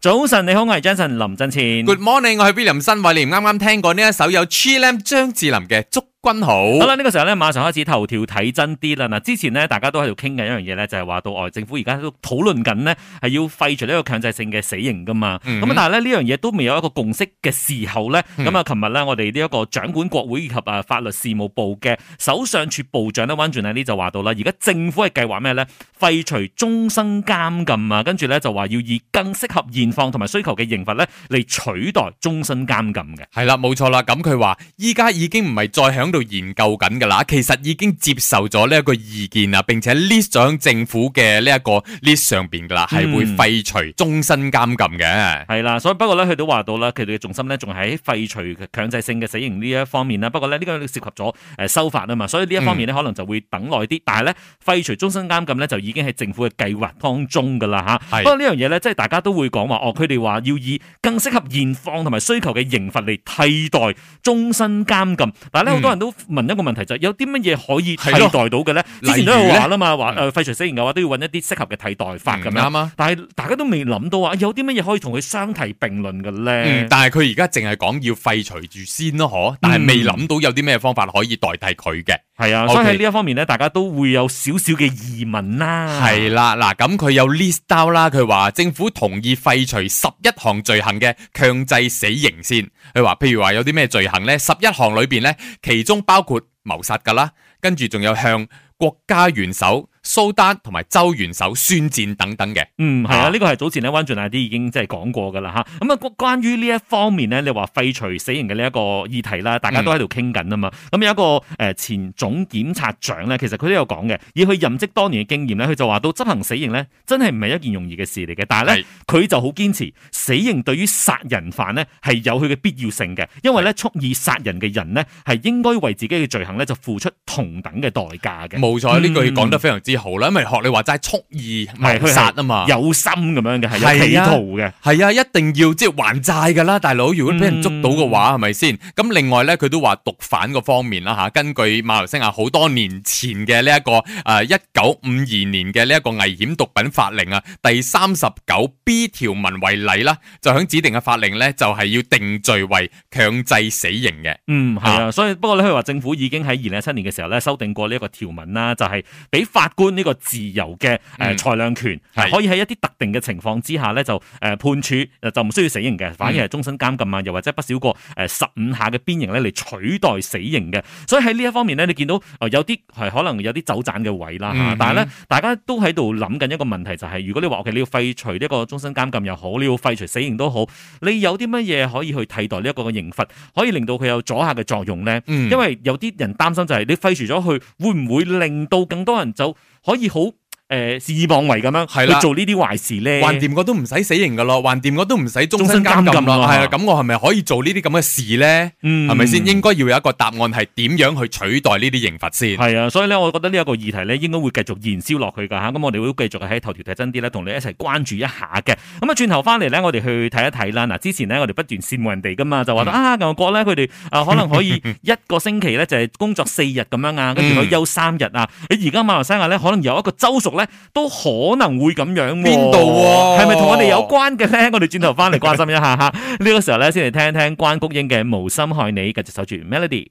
早晨，你好，我係 Jason 林振前。Good morning，我係 Bill 林新，你哋啱啱聽過呢一首有 Chilam 張智霖嘅祝。君豪，好，好啦，呢個時候咧，馬上開始頭條睇真啲啦。嗱，之前呢，大家都喺度傾緊一樣嘢咧，就係、是、話到外、哦、政府而家都討論緊呢，係要廢除呢個強制性嘅死刑噶嘛。咁但係咧呢樣嘢都未有一個共識嘅時候咧，咁啊，琴日咧，我哋呢一個掌管國會以及啊法律事務部嘅首相處部長咧，溫俊呢，就話到啦，而家政府係計劃咩咧？廢除終身監禁啊，跟住咧就話要以更適合現況同埋需求嘅刑罰咧，嚟取代終身監禁嘅。係啦，冇錯啦，咁佢話依家已經唔係再響。度研究緊㗎啦，其實已經接受咗呢一個意見啦，並且 list 上政府嘅呢一個 list 上邊㗎啦，係會廢除終身監禁嘅。係啦、嗯，所以不過咧，佢都話到啦，佢哋嘅重心咧仲喺廢除強制性嘅死刑呢一方面啦。不過呢，呢、呢個都涉及咗誒修法啊嘛，所以呢一方面呢，嗯、可能就會等耐啲。但係咧，廢除終身監禁呢，就已經係政府嘅計劃當中㗎啦嚇。的不過呢樣嘢咧，即係大家都會講話，哦，佢哋話要以更適合現況同埋需求嘅刑罰嚟替代終身監禁。但係咧，好多人、嗯。都問一個問題就係有啲乜嘢可以替代到嘅咧？係例如呢之前都有話啦嘛，話誒廢除死刑嘅話都要搵一啲適合嘅替代法咁樣。嗯、但係大家都未諗到話有啲乜嘢可以同佢相提並論嘅咧、嗯？但係佢而家淨係講要廢除住先咯，可？但係未諗到有啲咩方法可以代替佢嘅。係啊、嗯，所以喺呢一方面咧，okay，大家都會有少少嘅疑問啦。係啦，嗱咁佢有 list 到啦，佢話政府同意廢除十一項罪行嘅強制死刑先。佢話譬如話有啲咩罪行咧，十一項裏邊咧其中包括謀殺噶啦，跟住仲有向國家元首。蘇丹同埋周元首宣戰等等嘅，嗯，係啊，呢個係早前呢温俊大啲已經即係講過噶啦吓。咁啊，關於呢一方面咧，你話廢除死刑嘅呢一個議題啦，大家都喺度傾緊啊嘛。咁、嗯、有一個誒、呃、前總檢察長呢，其實佢都有講嘅，以佢任職多年嘅經驗呢，佢就話到執行死刑呢，真係唔係一件容易嘅事嚟嘅。但係呢，佢是就好堅持，死刑對於殺人犯呢係有佢嘅必要性嘅，因為呢，蓄意殺人嘅人呢係應該為自己嘅罪行呢就付出同等嘅代價嘅。冇錯，呢句講得非常之。嗯好啦，因為學你話齋蓄意謀殺啊嘛，有心咁樣嘅，係有企圖嘅，係啊，啊、一定要即係還債噶啦，大佬，如果俾人捉到嘅話嗯嗯係係，係咪先？咁另外咧，佢都話毒販個方面啦嚇，根據馬來西亞好多年前嘅呢一個誒一九五二年嘅呢一個危險毒品法令啊，第三十九 B 條文為例啦，就響指定嘅法令咧，就係要定罪為強制死刑嘅。嗯是，係啊，啊、所以不過咧，佢話政府已經喺二零一七年嘅時候咧，修訂過呢一個條文啦，就係俾法。判呢個自由嘅誒裁量權，係、嗯、可以喺一啲特定嘅情況之下咧，就誒判處誒就唔需要死刑嘅，反而係終身監禁啊，又或者不少過誒十五下嘅鞭刑咧嚟取代死刑嘅。所以喺呢一方面咧，你見到誒有啲係可能有啲走盞嘅位啦嚇，嗯嗯、但係咧大家都喺度諗緊一個問題，就係、是、如果你話其實你要廢除呢個終身監禁又好，你要廢除死刑都好，你有啲乜嘢可以去替代呢一個嘅刑罰，可以令到佢有阻嚇嘅作用咧？嗯、因為有啲人擔心就係你廢除咗佢，會唔會令到更多人就可以好。誒，肆意妄為咁樣，去做呢啲壞事咧，橫掂，我都唔使死刑噶咯，橫掂我都唔使終身監禁咯，係啊，咁我係咪可以做呢啲咁嘅事咧？係咪先？應該要有一個答案，係點樣去取代呢啲刑罰先？係啊，所以咧，我覺得呢一個議題咧，應該會繼續燃燒落去噶吓，咁我哋會繼續喺頭條睇真啲咧，同你一齊關注一下嘅。咁啊，轉頭翻嚟咧，我哋去睇一睇啦。嗱，之前咧，我哋不斷羨慕人哋噶嘛，就話得啊，外國咧，佢哋啊，可能可以一個星期咧就係工作四日咁樣啊，跟住佢休三日啊。你而家馬來西亞咧，可能有一個州屬咧。都可能會咁樣，啊啊，邊度喎？係咪同我哋有關嘅咧？我哋轉頭翻嚟關心一下吓，呢個時候咧先嚟聽聽關菊英嘅《無心害你》，繼續守住 Melody。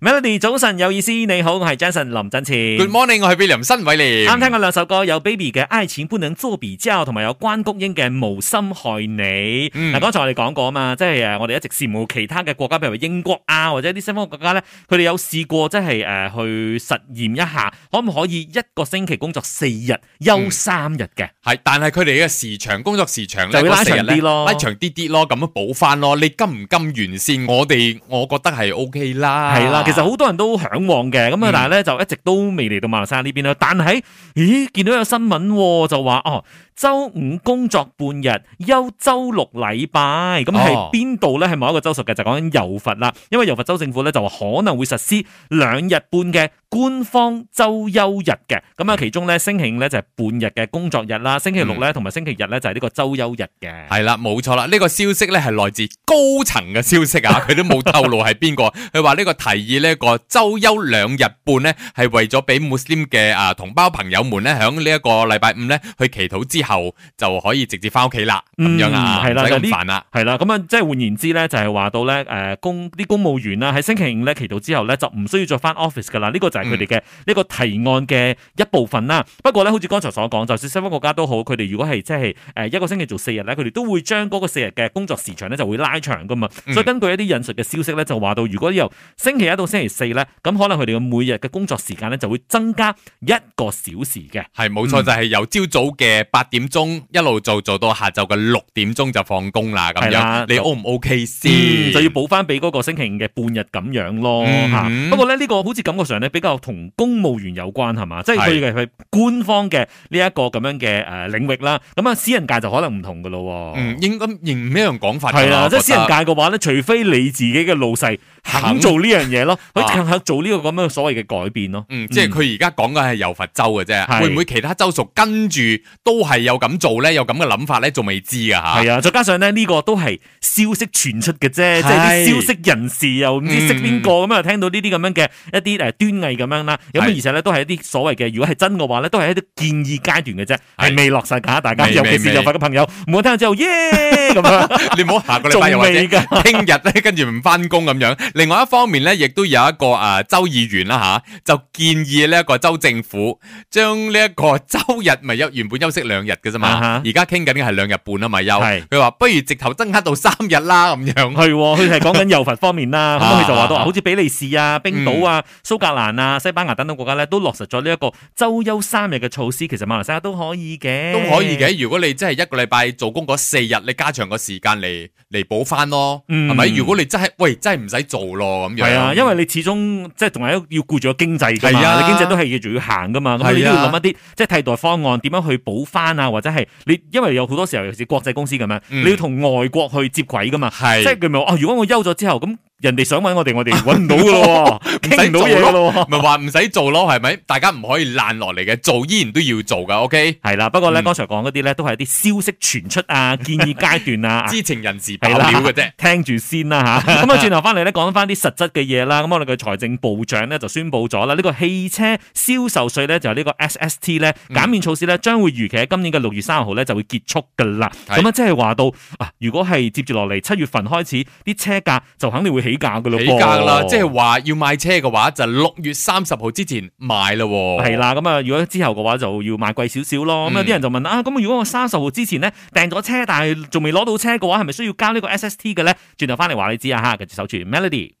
Melody 早晨有意思，你好，我係 Jason 林振前。Good morning，我係 William 申偉廉。你啱聽過兩首歌，有 Baby 嘅愛情不能作比較，同埋有關菊英嘅無心害你。嗱，剛才我哋講過啊嘛，即係誒，我哋一直羨慕其他嘅國家，譬如英國啊，或者啲西方國家咧，佢哋有試過，即係誒去實驗一下，可唔可以一個星期工作四日，休三日嘅？係，但係佢哋嘅時長工作時長就會拉長啲咯，拉長啲啲咯，咁樣補翻咯。你甘唔甘完善？我哋我覺得係 OK 啦，係啦。其實好多人都嚮往嘅，咁啊，但係咧就一直都未嚟到馬來西亞呢邊啦。但係，咦，見到有新聞就話，哦。周五工作半日，休周六禮拜，咁係邊度咧？係某一個州屬嘅，就講緊柔佛啦。因為柔佛州政府咧就話可能會實施兩日半嘅官方周休日嘅。咁啊，其中咧星期五咧就係、是、半日嘅工作日啦，星期六咧同埋星期日咧就係、是、呢個周休日嘅。係啦、嗯，冇錯啦，呢、這個消息咧係來自高層嘅消息啊，佢 都冇透露係邊個。佢話呢個提議呢、這個周休兩日半咧係為咗俾 Muslim 嘅啊同胞朋友們咧響呢一個禮拜五咧去祈禱之下。後就可以直接翻屋企啦，咁樣啊，唔使點煩啦，係、就是、啦。咁啊，即係換言之咧，就係、是、話到咧，誒、呃，公啲公務員啦，喺星期五咧，期到之後咧，就唔需要再翻 office 噶啦。呢、這個就係佢哋嘅呢個提案嘅一部分啦。不過咧，好似剛才所講，就算西方國家都好，佢哋如果係即係誒一個星期做四日咧，佢哋都會將嗰個四日嘅工作時長咧就會拉長噶嘛。嗯、所以根據一啲引述嘅消息咧，就話到如果由星期一到星期四咧，咁可能佢哋嘅每日嘅工作時間咧就會增加一個小時嘅。係，冇錯，嗯、就係由朝早嘅八點。點鐘一路做做到下晝嘅六點鐘就放工啦，咁樣，你 O 唔 OK 先？就要補翻俾嗰個星期五嘅半日咁樣咯吓。不過咧呢個好似感覺上咧比較同公務員有關係嘛，即係佢嘅佢官方嘅呢一個咁樣嘅誒領域啦。咁啊，私人界就可能唔同噶咯。嗯，應該另一樣講法係啦，即係私人界嘅話咧，除非你自己嘅老細肯做呢樣嘢咯，佢肯做呢個咁樣所謂嘅改變咯。即係佢而家講嘅係柔佛州嘅啫，會唔會其他州屬跟住都係？有咁做咧，有咁嘅諗法咧，仲未知噶吓。係啊，再加上咧呢、呢個都係消息傳出嘅啫，是即係啲消息人士又唔知,知識邊個咁啊，嗯、聽到這這呢啲咁樣嘅一啲誒端倪咁樣啦。咁而且咧都係一啲所謂嘅，如果係真嘅話咧，都係一啲建議階段嘅啫，係是未落實噶。大家尤其是又發嘅朋友，唔好聽咗之後耶咁啊！你唔好下個禮拜又或者聽日咧，跟住唔翻工咁樣。另外一方面咧，亦都有一個誒州議員啦、啊、吓，就建議呢一個州政府將呢一個周日咪休，原本休息兩。日嘅啫嘛，而家傾緊嘅係兩日半啦，嘛，休。佢話、啊、不如直頭增加到三日啦，咁樣去、啊。佢係講緊遊佛方面啦，咁佢 就話到好似比利時啊、冰島啊、嗯、蘇格蘭啊、西班牙等等國家咧，都落實咗呢一個週休三日嘅措施。其實馬來西亞都可以嘅，都可以嘅。如果你真係一個禮拜做工嗰四日，你加長個時間嚟嚟補翻咯，係咪？嗯、如果你、就是、真係喂真係唔使做咯咁樣。係啊，因為你始終即係仲係要顧住個經濟㗎是啊，你經濟都係要仲要行㗎嘛，咁你是、啊、要諗一啲即係替代方案，點樣去補翻。啊，或者係你，因為有好多時候，尤其是國際公司咁樣，你要同外國去接軌噶嘛，即係佢咪話哦，如果我休咗之後。咁。人哋想搵我哋，我哋搵唔到噶咯，唔 到嘢咯，咪話唔使做咯，係咪？大家唔可以爛落嚟嘅，做依然都要做噶。OK，係啦。不過咧，剛才講嗰啲咧，都係啲消息傳出啊，建議階段啊， 知情人士爆料嘅啫，聽住先啦吓。咁啊，轉頭翻嚟咧，講翻啲實質嘅嘢啦。咁我哋嘅財政部長咧就宣布咗啦，呢、這個汽車銷售稅咧就係呢個 SST 咧減免措施咧，將會如期喺今年嘅六月三十號咧就會結束噶啦。咁啊，即係話到啊，如果係接住落嚟七月份開始，啲車價就肯定會起價噶啦，起價噶啦，即係話要買車嘅話就六月三十號之前買咯，係啦，咁啊。如果之後嘅話就要買貴少少咯。咁有啲人就問啊，咁如果我三十號之前咧訂咗車，但係仲未攞到車嘅話，係咪需要交呢個 S S T 嘅咧？轉頭翻嚟話你知啊吓，跟住守住 Melody。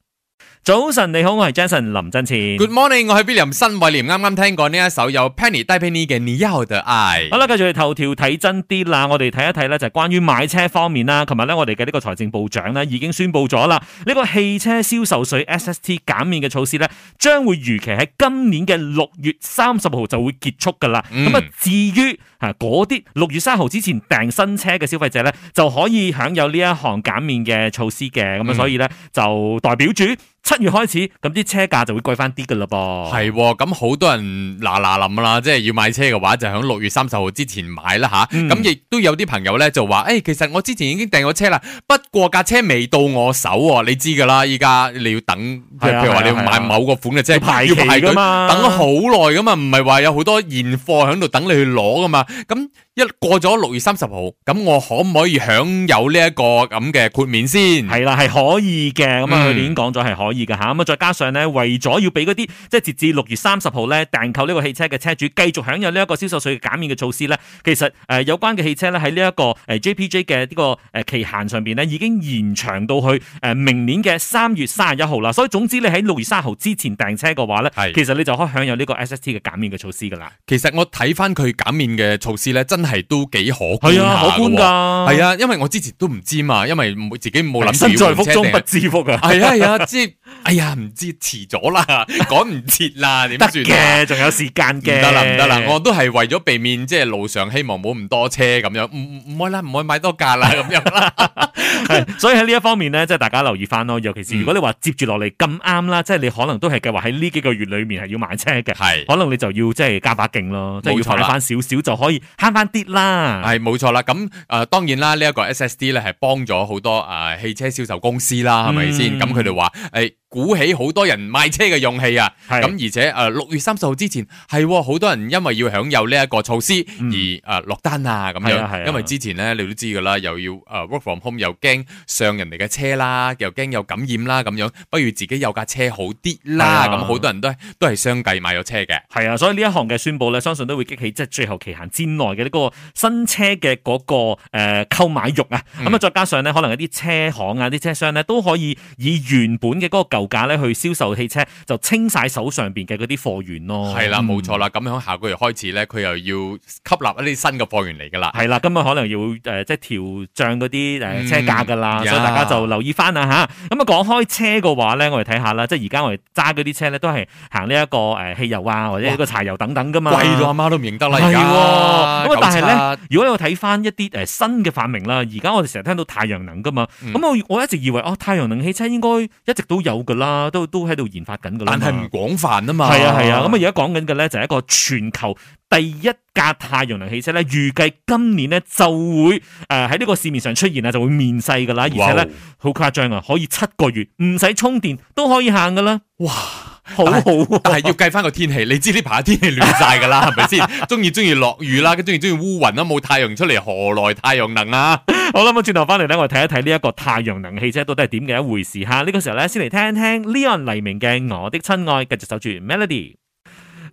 早晨，你好，我係 Jason 林振前。Good morning，我係 William 新威廉。啱啱聽過呢一首有 Penny 戴佩妮嘅你要的愛、e、好啦，繼續去頭條睇真啲啦。我哋睇一睇咧，就係關於買車方面啦。琴日咧，我哋嘅呢個財政部長咧已經宣佈咗啦，呢、呢個汽車銷售稅 SST 減免嘅措施咧，將會如期喺今年嘅六月三十號就會結束噶啦。咁啊、嗯，至於啊嗰啲六月三號之前訂新車嘅消費者咧，就可以享有呢一項減免嘅措施嘅。咁啊、嗯，所以咧就代表住。七月開始，咁啲車價就會貴翻啲噶啦噃。係，咁好多人嗱嗱諗啦，即係要買車嘅話，就喺六月三十號之前買啦吓。咁亦都有啲朋友咧就話，誒、欸，其實我之前已經訂咗車啦，不過架車未到我手，你知噶啦，依家你要等，譬如話你要買某個款嘅車，即係、啊啊啊、要排噶嘛，等咗好耐噶嘛，唔係話有好多現貨喺度等你去攞噶嘛，咁。一過咗六月三十號，咁我可唔可以享有呢一個咁嘅豁免先？係啦，係可以嘅。咁啊，佢哋已經講咗係可以嘅吓。咁啊，再加上咧，為咗要俾嗰啲即係截至六月三十號咧，訂購呢個汽車嘅車主繼續享有呢一個銷售稅減免嘅措施咧，其實誒有關嘅汽車咧喺呢一個誒 JPJ 嘅呢個誒期限上邊咧已經延長到去誒明年嘅三月三十一號啦。所以總之你喺六月三十號之前訂車嘅話咧，是的 其實你就可以享有呢個 SST 嘅減免嘅措施噶啦。其實我睇翻佢減免嘅措施咧，真係。係都幾可、係啊、可觀喎，係啊，因為我之前都唔知嘛，因為自己冇諗。身在福中不知福啊！係啊係啊，即係 哎呀，唔知遲咗啦，趕唔切啦，點算嘅？仲有時間嘅，唔得啦，唔得啦，我都係為咗避免即係路上，希望冇咁多車咁樣，唔唔可以啦，唔去買多架啦咁樣啦。 所以喺呢一方面咧，即係大家留意翻咯。尤其是如果你話接住落嚟咁啱啦，即係、嗯、你可能都係計劃喺呢幾個月裏面係要買車嘅，係是可能你就要即係加把勁咯，即係要慳翻少少就可以慳翻啲啦。係，冇錯啦。咁誒、呃，當然啦，呢、這、一個 S S D 咧係幫咗好多誒、呃、汽車銷售公司啦，係咪先？咁佢哋話誒。鼓起好多人買車嘅勇氣啊！咁是、啊、而且誒六、呃、月三十號之前係好、啊、多人因為要享有呢一個措施而誒、嗯呃、落單啊咁樣，是啊是啊因為之前咧你都知噶啦，又要誒 work from home 又驚上人哋嘅車啦，又驚有感染啦咁樣，不如自己有架車好啲啦。咁好是、啊、多人都都係相繼買咗車嘅。係啊，所以呢一項嘅宣布咧，相信都會激起即係最後期限之內嘅呢個新車嘅嗰、那個誒購、呃、買欲啊。咁啊，再加上咧可能一啲車行啊、啲車商咧都可以以原本嘅嗰、那個油價咧去銷售汽車，就清晒手上邊嘅嗰啲貨源咯，係啦，冇錯啦。咁喺下個月開始咧，佢又要吸納一啲新嘅貨源嚟噶啦，係啦。咁啊，可能要誒、呃、即係調漲嗰啲誒車價噶啦，嗯、所以大家就留意翻啦吓。咁啊，講開車嘅話咧，我哋睇下啦，即係而家我哋揸嗰啲車咧，都係行呢一個誒汽油啊，或者一個柴油等等噶嘛，貴到阿媽都唔認得啦。係咁、啊、但係咧，如果你睇翻一啲誒新嘅發明啦，而家我哋成日聽到太陽能噶嘛，咁、嗯、我我一直以為哦，太陽能汽車應該一直都有。噶啦，都都喺度研發緊噶啦，但係唔廣泛啊嘛。係啊係啊，咁啊而家講緊嘅咧就係一個全球第一架太陽能汽車咧，預計今年咧就會誒喺呢個市面上出現啊，就會面世噶啦，而且咧好哇誇張啊，可以七個月唔使充電都可以行噶啦，哇！好好啊、哦，但係要計翻個天氣，你知呢排天氣亂晒噶啦，係咪先？中意中意落雨啦，跟住中意烏雲啦，冇太陽出嚟，何來太陽能啦、啊、好啦，咁轉頭翻嚟咧，我哋睇一睇呢一個太陽能汽車到底係點嘅一回事吓。呢、這個時候咧，先嚟聽聽 Leon 黎明嘅我的親愛，繼續守住 Melody。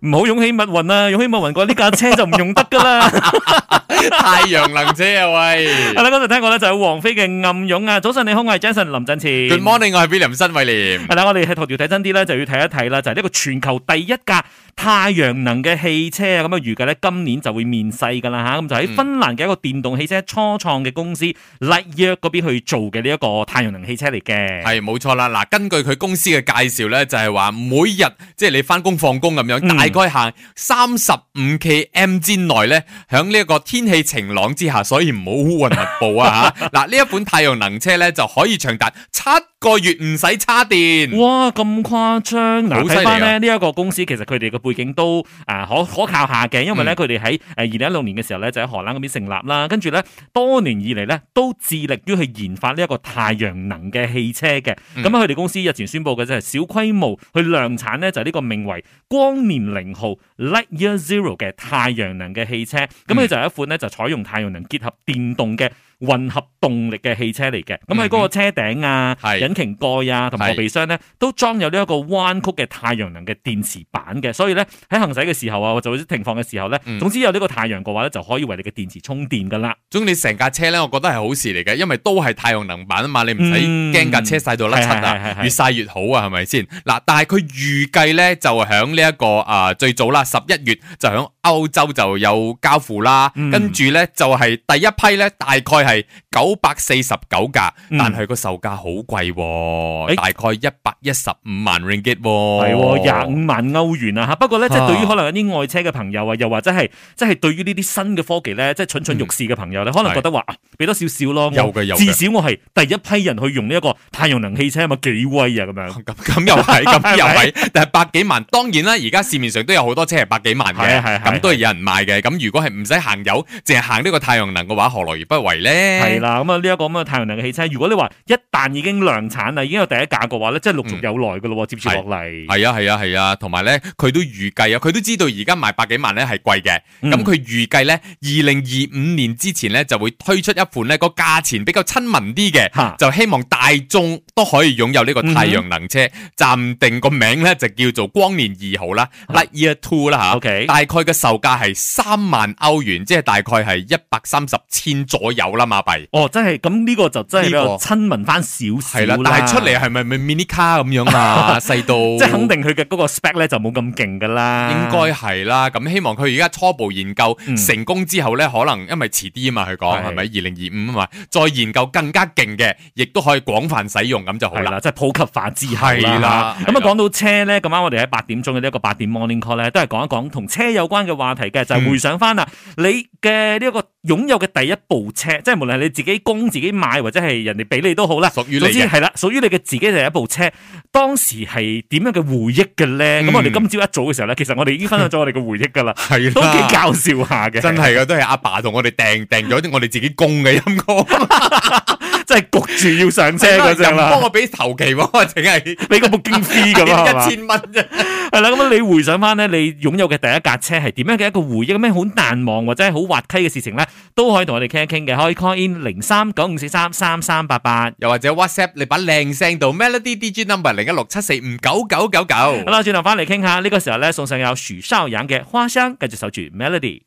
唔好湧起密雲啊！湧起密雲過呢架車就唔用得噶啦！太陽能車呀喂，係啦嗰陣聽過咧，就有王菲嘅暗湧啊！早晨你好，我係 Jason 林振前。Good morning，我係 Bill 林新偉廉。係啦，我哋係頭條睇真啲咧，就要睇一睇啦，就係呢個全球第一架太陽能嘅汽車啊！咁啊預計咧今年就會面世噶啦吓，咁、嗯、就喺芬蘭嘅一個電動汽車初創嘅公司 Liye 嗰邊去做嘅呢一個太陽能汽車嚟嘅。係冇錯啦，嗱，根據佢公司嘅介紹咧，就係、是、話每日即係、就是、你翻工放工咁樣大概行三十五 K M 之內呢，喺呢個天氣晴朗之下，所以唔好烏雲密布啊！吓，嗱呢一款太陽能車呢，就可以長達七個月唔使叉電，哇咁誇張！嗱，睇翻呢一個公司，其實佢哋嘅背景都誒可可靠下嘅，因為咧佢哋喺誒二零一六年嘅時候咧就喺荷蘭嗰邊成立啦，跟住咧多年以嚟咧都致力於去研發呢一個太陽能嘅汽車嘅。咁啊、嗯，佢哋公司日前宣布嘅就係小規模去量產咧，就係呢個名為光年零號 （Light Year Zero） 嘅太陽能嘅汽車。咁佢、嗯、就係一款咧就採用太陽能結合電動嘅。混合動力嘅汽車嚟嘅，咁喺嗰個車頂啊、嗯、引擎蓋啊同後是備箱咧，都裝有呢一個彎曲嘅太陽能嘅電池板嘅，所以咧喺行駛嘅時候啊，或者停放嘅時候咧，嗯、總之有呢個太陽嘅話咧，就可以為你嘅電池充電噶啦。總之，成架車咧，我覺得係好事嚟嘅，因為都係太陽能板啊嘛，你唔使驚架車曬到甩漆啊，嗯、越曬越好啊，係咪先？嗱，但係佢預計咧就響呢一個啊、呃、最早啦十一月就響歐洲就有交付啦，跟住咧就係、是、第一批咧大概，係九百四十九架，但係個售價好貴，誒，大概一百一十五萬 ringgit，係廿五萬歐元啊吓。不過咧，即係、啊、對於可能有啲愛車嘅朋友啊，又或者係即係對於呢啲新嘅科技咧，即、就、係、是、蠢蠢欲試嘅朋友咧，嗯、可能覺得話，俾是、啊、多少少咯，有的有的至少我係第一批人去用呢一個太陽能汽車啊嘛，幾威啊咁樣。咁又係，咁又係，但係百幾萬， 當然啦，而家市面上都有好多車係百幾萬嘅，咁都係有人賣嘅。咁是如果係唔使行油，淨係行呢個太陽能嘅話，何樂而不為咧？係啦，咁啊呢一個咁嘅太陽能嘅汽車，如果你話一旦已經量產啦，已經有第一架嘅話咧，即係陸續有來喇咯，嗯、接住落嚟。係啊係啊係啊，同埋咧佢都預計啊，佢都知道而家賣百幾萬咧係貴嘅，咁佢、嗯、預計咧二零二五年之前咧就會推出一款咧個價錢比較親民啲嘅，哈就希望大眾都可以擁有呢個太陽能車。嗯、暫定個名咧就叫做光年二號啦 Light、啊、year Two 啦、啊、吓。O Okay ? K，大概嘅售價係三萬歐元，即、就、係、是、大概係一百三十千左右啦。麻痹哦，真係咁，呢個就真係比較親民翻少少係啦，但係出嚟，係咪咪 mini car 咁樣啊？細到即係肯定佢嘅嗰個 spec 咧就冇咁勁噶啦。應該係啦。咁希望佢而家初步研究成功之後咧，可能因為遲啲啊嘛，佢講，係咪？二零二五啊嘛，再研究更加勁嘅，亦都可以廣泛使用咁就好啦。即係普及化之後係啦。咁啊，講、嗯、到車咧，咁啱我哋喺八點鐘嘅呢一個八點 morning call 咧，都係講一講同車有關嘅話題嘅，就係、是、回想翻啦你嘅呢一個。嗯擁有嘅第一部車，即係無論係你自己供自己買，或者係人哋俾你都好啦。屬於你嘅，係啦，屬於你嘅自己第一部車，當時係點樣嘅回憶嘅咧？咁、嗯、我哋今朝一早嘅時候咧，其實我哋已經分享咗我哋嘅回憶噶啦 的，都幾搞笑下嘅，真係嘅，都係阿爸同我哋訂訂咗啲我哋自己供嘅音樂， 真係焗住要上車嗰陣啦。有 幫我俾頭期喎，定係俾嗰部經費咁啊？一千蚊啫，係啦。 咁你回想翻咧，你擁有嘅第一架車係點樣嘅一個回憶？咩好 難忘或者係好滑稽嘅事情咧？都可以同我哋傾一傾嘅，可以 call in 零三九五四三三三八八，又或者 WhatsApp 你把靚聲度，Melody DJ number 零一六七四五九九九九。好啦，轉頭翻嚟傾下，呢個時候咧，送上有許紹洋嘅花香，繼續守住 Melody。